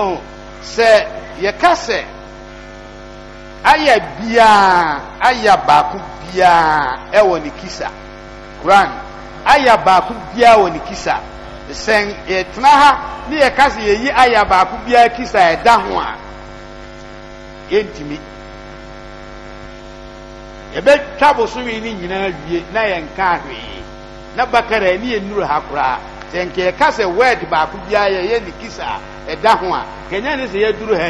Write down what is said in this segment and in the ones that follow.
ɔho sɛ yɛka sɛ aya biaa aya baako biara ɛwɔ ne kisa koran aya baako biara wɔ ne kisa sɛn yɛtena ha ne yɛka sɛ yɛyi aya baako biara kisa ɛda ho a yɛntumi yɛbɛtwa bosome ne nyinaa wie na yɛnka ahwee na bakara ani yɛnnuru ha koraa yɛnka yɛka sɛ word baako biara yɛyɛ ne kisa a ɛda ho a kɛnyɛ ne sɛ yɛduru ha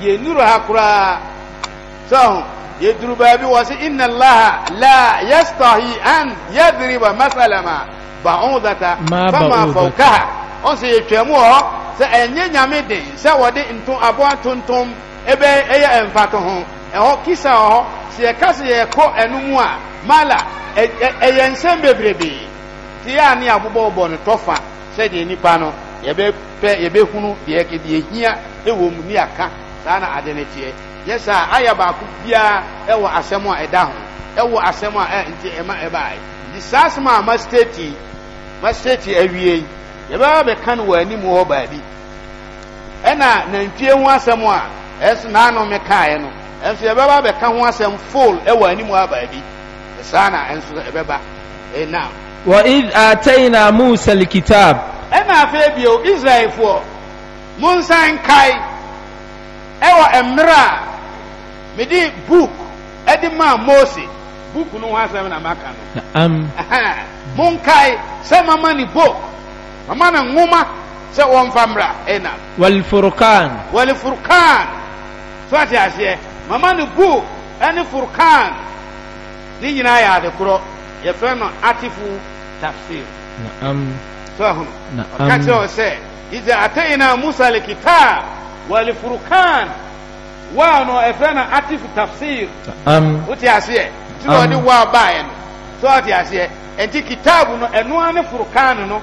yi yɛnuru ha koraa sɛ ho yɛduru baabi wɔ sɛ inna allaha la yastahi an yadriba masala ma ba'udata fama fawkaha ɔn sɛ yɛtwamu wɔ hɔ sɛ ɛnyɛ nyame den sɛ wɔde nto aboa tontom ɛbɛ ɛyɛ mfato ho ɛhɔ kisa wɔ hɔ sɛ yɛka sɛ yɛkɔ ɛno mu a mala ɛyɛ nsɛm bebrebee nti yɛ abụba ne abobɔ bɔ no nipa no yɛbɛpɛ yɛbɛhunu deɛ kɛdeɛ hia ɛwɔ mu ne aka saa na adị no teɛ yɛ saa ayɛ baako bia ɛwɔ asɛm a ɛda ho ɛwɔ asɛm a ɛ nti ɛma ɛbaeɛ nti saa asɛm a ma steeti ma steeti awie yi yɛbɛba bɛka no wɔ anim hɔ baabi ɛna nantwie ho asɛm a ɛso naano mekaeɛ no ɛnso yɛbɛba ka ho asɛm fol ɛwɔ anim hɔ baabi saa na ɛnso ɛbɛba ɛnam wa id atayna musa alkitab ɛna afei bio israelfoɔ monsan kae ɛwɔ mmerɛ a mede book ɛde maa mose book no ho asɛm na maka no um. monkae sɛ mama ne book mama ne nwoma sɛ wɔmfa mmra ɛna walfurkan walfurkan so ate aseɛ mama ne book ɛne furkan ne nyinaa yɛ ade yɛfrɛ no atifo tafsirnso ahon ɔka kyeɛ ɔ sɛ isɛ atɛ ina musa lekitab wadefurkan wa no ɛfrɛ na atifo tafsir wo te aseɛ ntinɛ ɔde wa baɛ no so wote aseɛ ɛnti kitab no ɛnoa ne forkan no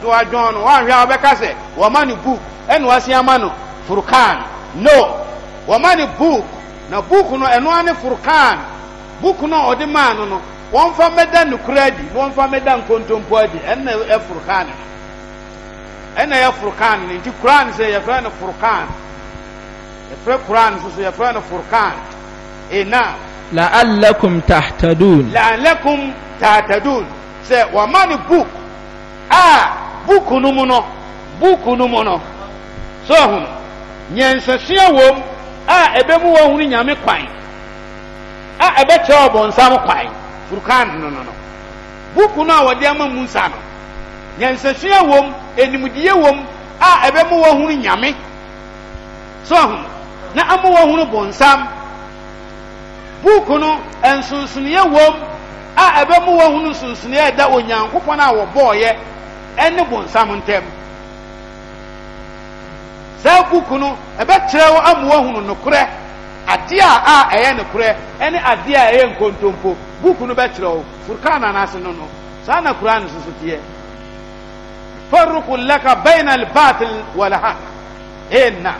to wadwono aahwa wɔbɛka sɛ wɔma no bok ɛno wasiama no frkan no wama ne bok na buk no ɛnoa ne forkan buk no ɔde maa no no wɔn fa mɛda nukura adi na wɔn fa mɛda nkontompo adi ɛna yɛ furkan ɛna yɛ furkan ne nti kuran sɛ yɛfrɛ no furkan yɛfrɛ kuran soso yɛfrɛ no furkan ena. la'allakum tahtadun. la'allakum tahtadun sɛ wɔma ne book a book no mu no book no mu no so nyɛnsasia wɔm a ɛbɛmu wɔn ho ne nyame kwan a ɛbɛkyerɛ ɔbɔnsam kwan. furkan no no no buku no a wɔde ama musa no nyansasua wom enimdie wom a ɛbɛmo wɔhunu nyame so na ama wɔhunu bonsam buku no nsonsoneɛ a ɛbɛmo wɔhunu nsonsoneɛ ɛda onyankopɔn a wɔbɔɔyɛ ɛne bonsam ntam saa buku no ɛbɛkyerɛ wɔ ama wɔhunu nokorɛ adea a ɛyɛ ne korɛ ɛne adeɛ a ɛyɛ nkontompo buuku no bɛkyerɛ wo forukanaanaase no no saa na koraa ne soso deɛ farokum laka bain albatel wlhak ɛnna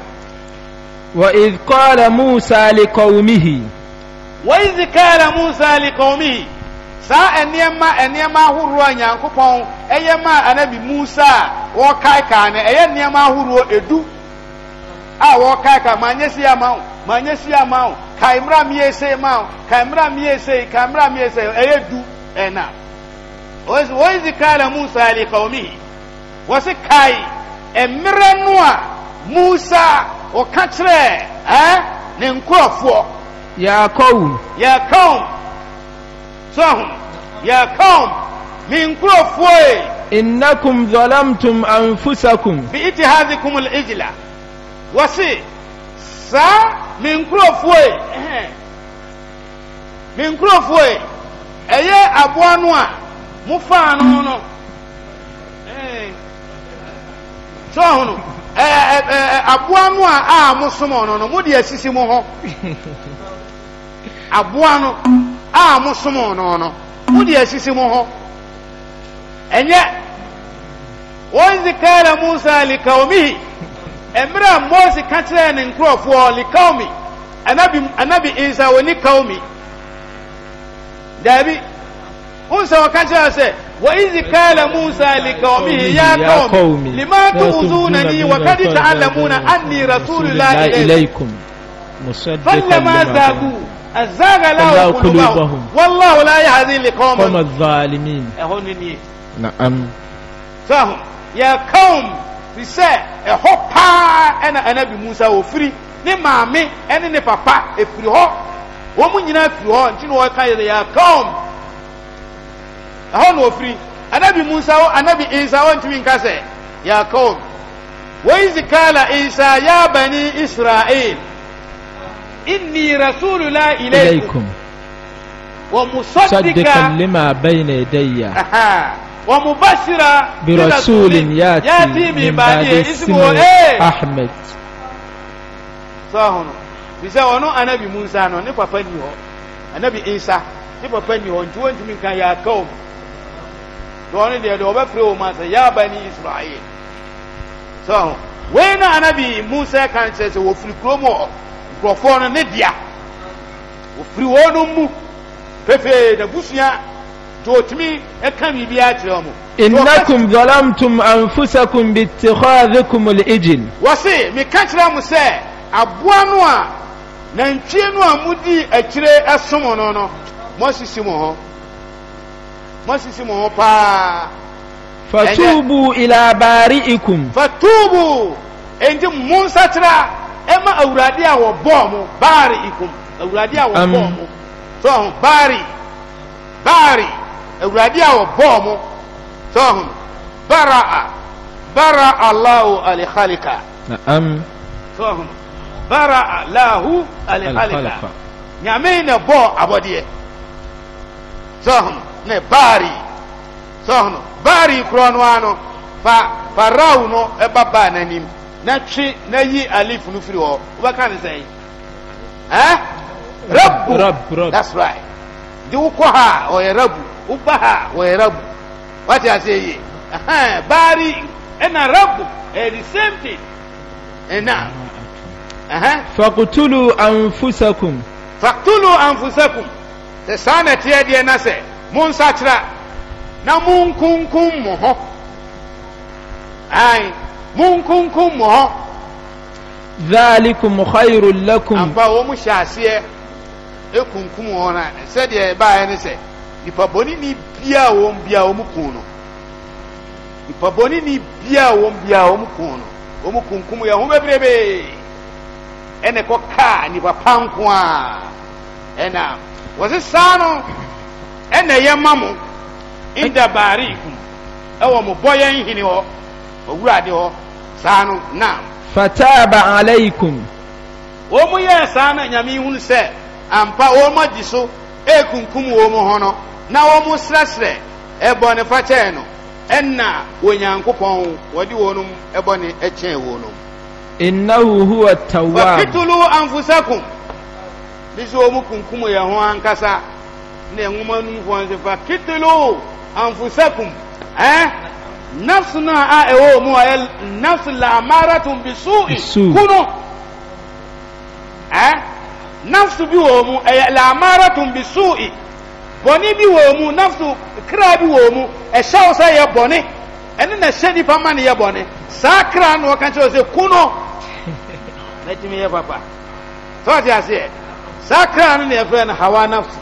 wi kala musa likamihi saa ɛneɛma ɛneɛma ahorowɔ a nyankopɔn ɛyɛ ma anabi musa a wɔr kae ka na ɛyɛ nneɔma ahoroɔ ɛdu a wɔ kae ka manyɛ si yamao manyasia mao kae mmra mɛse ma kai mmra mɛsi kaimramɛsi ɛyɛ du ɛna oisi kala musa likawmihi wɔsi kae merɛ no a musa ɔka kyerɛɛ eh? nenkurɔ fɔm ya m menkurɔfɔima Sa me nkurɔfoɔ me nkurɔfoɔ ɛyɛ aboa no a mofaa no ho no sɛ ho no aboa no a a mosom no no mode asisi mo hɔ aboa no a mosom no no mode asisi mo hɔ ɛnyɛ wɔn zikara musa likaumihi mmerɛ a mose ka kyerɛɛ ne nkurɔfoɔ likaomi anabi anabi isa wɔni kaomi daabi wọn sọ wọn kankyere sẹ wa izi kaala musa likawmihi ya kawmi lima tuuzuna ni wa kadi taclamuna anni rasulullah ilaykum falama zaagu azaaga lahu kulubahum wallahu la yahdi liqawman qawma zalimin ẹhọ ni naam. sahun ya kawmi firi sɛ ɛhɔ paa ɛna anabi musa ofiri ne maame ɛne ne papa efiri hɔ wɔn nyinaa firi hɔ nti na wɔka yɛ yɛ kɔm ɛhɔ na ofiri anabi musa anabi isa wɔntumi nka sɛ yɛ kɔm wɔyi zikala isa ya bani israel inni rasulula ilaykum wa musaddikan lima bayna yadayya ومبشرا برسول ياتي, ياتي من بعده اسمه ايه احمد sọhùn bisẹ wọn náà anabi musa náà ní papa ni họ anabi isa ní papa ni họ nti wọn tumi nkan yà ká wọn wọn deɛ deɛ ɔbɛ fere wɔn ase yà bá ní israel sọhùn wẹ́n náà anabi musa kan kyerɛ sɛ wofiri kurom hɔ nkurɔfoɔ no ne dea wofiri wɔn mu pefee na busua jotumi ɛka biribi akyerɛ mu. innakum zalamtum anfusakum bitikhadhikum al-ijil. wɔsi mika kyerɛ mu sɛ aboa no a nantwie no a mudi akyire ɛsom no no mɔsisi mu hɔ mɔsisi mu hɔ paa. fatubu ila bari'ikum. fatubu enti mu nsakyera ɛma awurade a wɔbɔɔ mu baari'ikum awurade a wɔbɔɔ mu sɔɔ baari baari awurade a wɔbɔɔ mo sɛ ɔhun baraa baraa allahu alikhalika na'am sɛ ɔhun baraa lahu alikhalika nyame na bɔɔ abɔdeɛ sɛ ɔhun ne baari sɛ ɔhun baari korɔ no ano fa farao no ɛba baa n'anim na twe alif no firi hɔ wobɛka ne sɛ ɛɛ rabu that's right di wokɔ ha ɔyɛ rabu woba ha ɔyɛ rabu wate ase yie ɛhɛn baari ɛna rabu ɛyɛ the same thing ɛna ɛhɛn. fakutulu anfusakum. fakutulu anfusakum sɛ saa na teɛ deɛ na sɛ mo nsakyera na mo nkunkun mo ho ayi mo nkunkun mo ho. ذلكم خير لكم. أنفا ومشاسية ekunkum wɔn a sɛdeɛ ɛbaayɛ ne sɛ nipa bɔnini bia wɔn bia wɔn kun no nipa bɔnini bia wɔn bia wɔn kun no wɔn kunkum yɛ ho bebrebe ɛna ɛkɔ kaa nipa panko a ɛna wɔsi saa no ɛna ɛyɛ ma mo ndabaare kum ɛwɔ mo bɔyɛ nhini hɔ owurade hɔ saa no naam. fataaba aleikum. wɔn mu yɛ saa na nyame ihun sɛ. ampa wɔn agyi so ekunkum wɔn ho no na wɔn srɛsrɛ ɛbɔ ne fa kyɛn no ɛnna onyankopɔn wɔde wɔn ɛbɔ ne ɛkyɛn wɔn no. innahu huwa tawwab wakitulu anfusakum bisi wɔn kunkum yɛn ho ankasa na nwoma nu mu fɔn se fa kitulu anfusakum ɛn nafsu na a ɛwɔ mu a yɛ nafsu la amaratun bisu'i kunu nafsu bi wɔ mu ɛyɛ lamaratun bi su'i bɔne bi wɔ mu nafsu kra bi wɔ mu ɛhyɛw sɛ yɛ bɔne ɛne na ɛhyɛ nipa ma ne yɛ bɔne saa kra no ɔka kyerɛ sɛ kuno na tumi yɛ papa sɛ ɔte aseɛ saa kra no ne yɛfrɛ no hawa nafsu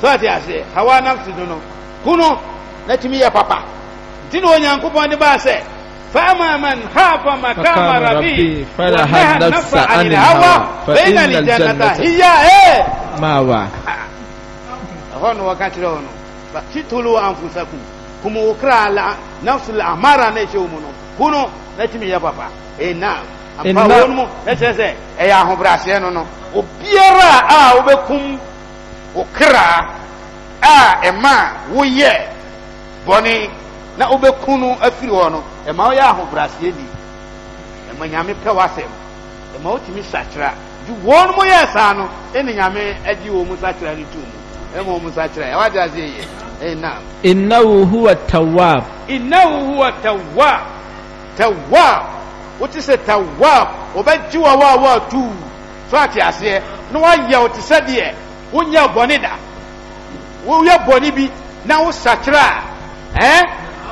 sɛ ɔte aseɛ hawa nafsu no no kuno na tumi yɛ papa nti na onyankopɔn de baa sɛ فأما من خاف مقام ربي ونهى نفس عن الهوى فإن الجنة هي إيه ماوى هون وكاتل هون تتلوا أنفسكم كم وكرا نفس الأمارة نشومون كونوا نتمي يا بابا إيه نعم ampa wɔn mu na kyerɛ sɛ ɛyɛ ahobrɛaseɛ no no obiara a wobɛkum wo na wobɛku no afiri hɔ no ɛma woyɛ ahobraseɛ ni ɛma nyame pɛ w'asɛm ɛma wotumi sakyera nti wɔn mo yɛ saa no ɛne nyame agye wɔ mu sakyera no tu mu ɛma wɔ mu sakyera ɛwagye aseɛ yɛ ɛnam innahu huwa tawwab innahu huwa tawwab tawwab wote sɛ tawwab wɔbɛgye wɔ wɔ a wɔ atuu so ate aseɛ na wayɛ wo te sɛ deɛ wonyɛ bɔne da woyɛ bɔne bi na wo sakyera a ɛɛ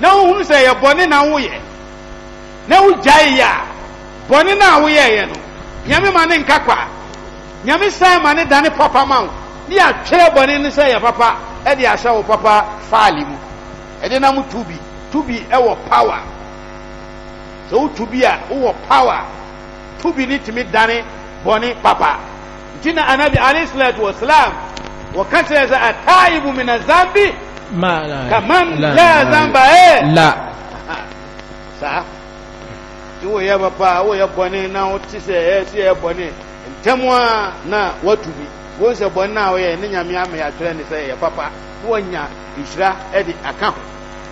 na wohu sɛ yɛ bɔne na woyɛ na wogyae yɛ a bɔne no a woyɛeɛ no nyame ma ne nka kwa nyame san ma ne dane papa ma wo ne yɛatwerɛ bɔne no sɛ yɛ papa ɛde ahyɛ wo papa faale mu ɛde na mo tubi bi tu ɛwɔ power sɛ wotu bi a wowɔ power Tubi bi ne tumi dane bɔne papa nti na anabi alayhi salatu wasalam wɔka kyerɛ sɛ ataibu min azambi kamanla zamba eh! ah, saa wɔ yɛ pa pa owɔ yɛ bɔne na wo te sɛ ɛsiɛɛ eh, bɔne ntɛm ar na woatu bi wɔ sɛ bɔne na wɔyɛɛ ne nyamea ame yaterɛ ne sɛ yɛyɛ papa nwanya nhyira ɛde aka ho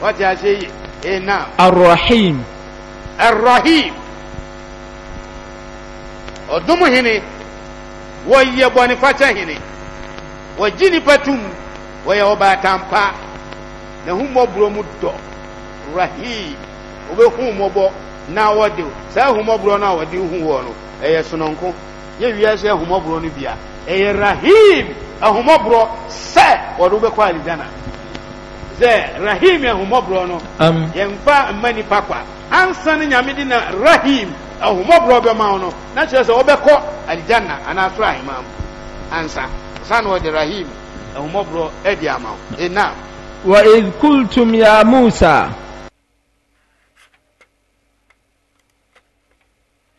wɔteasyɛ yi eh, namahim arrahim ɔdom hene wɔyɛ bɔne fakyɛ hene wɔgye nnipa tum wɔyɛ wɔ baatam pa na ahummɔborɔ mu dɔ rahim wobɛhu mmɔbɔ na wɔde saa ahummɔborɔ no a wɔde hu wɔ no ɛyɛ sononko yɛ wiase ahummɔborɔ no bia ɛyɛ rahim um, ahummɔborɔ sɛ wɔde wobɛkɔ aligana sɛ rahim ahummɔborɔ no yɛmfa mma nipa kwa ansa no nyame de na rahim ahomɔborɔ eh, bɛma wo no na kyerɛ sɛ wobɛkɔ aljanna anaa soro ahema mu ansa sa eh, eh, na wɔde rahim ahomɔborɔ adi ama wo ɛnam وإذ قلتم يا موسى